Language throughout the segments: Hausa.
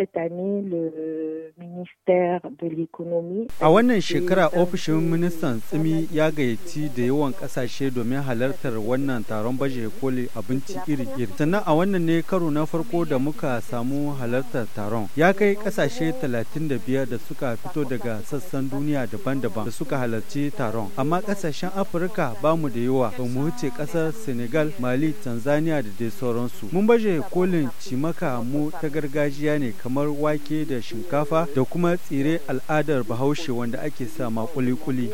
cette année A wannan shekara ofishin euh, ministan tsimi ya gayyaci da yawan kasashe domin halartar wannan taron baje koli abinci iri-iri. Sannan a wannan ne karo na farko da muka samu halartar taron. Ya kai kasashe 35 da suka fito daga sassan duniya daban-daban da suka halarci taron. Amma kasashen Afirka ba mu da yawa ba mu wuce kasar Senegal, Mali, Tanzania da dai sauransu. Mun baje kolin cimaka mu ta gargajiya ne kamar kamar wake da shinkafa da kuma tsire al'adar bahaushe wanda ake sa ma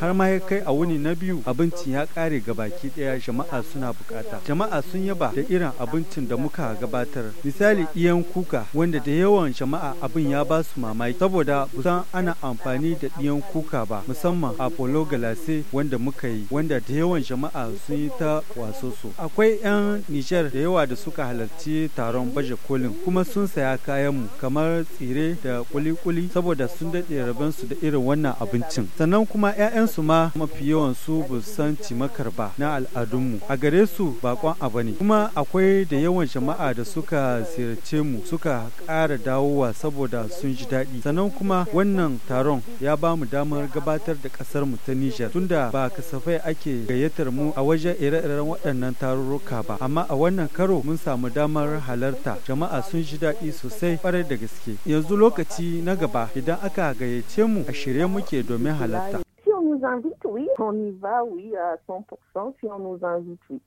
har ma ya kai a wuni na biyu abincin ya kare gabaki daya jama'a suna bukata jama'a sun yaba da irin abincin da muka gabatar misali iyan kuka wanda da yawan jama'a abin ya ba su mamaki saboda kusan ana amfani da iyan kuka ba musamman a polo galase wanda muka yi wanda da yawan jama'a sun yi ta waso su akwai 'yan nijar da yawa da suka halarci taron baje kolin kuma sun saya kayanmu kamar kamar tsire da kuli saboda sun daɗe rabensu su da irin wannan abincin sannan kuma 'ya'yansu ma mafi yawan su ba san cimakar ba na al'adunmu a gare su bakon abu ne kuma akwai da yawan jama'a da suka ziyarce mu suka ƙara dawowa saboda sun ji daɗi sannan kuma wannan taron ya ba mu damar gabatar da ƙasar mu ta Nijar tunda ba kasafai ake gayyatar mu a wajen ire-iren waɗannan tarurruka ba amma a wannan karo mun samu damar halarta jama'a sun ji daɗi sosai ƙwarai da gaske. Yanzu lokaci na gaba idan aka gayyace mu a shirye muke domin halatta. nous invite, oui, on y va, oui, à Si on nous invite,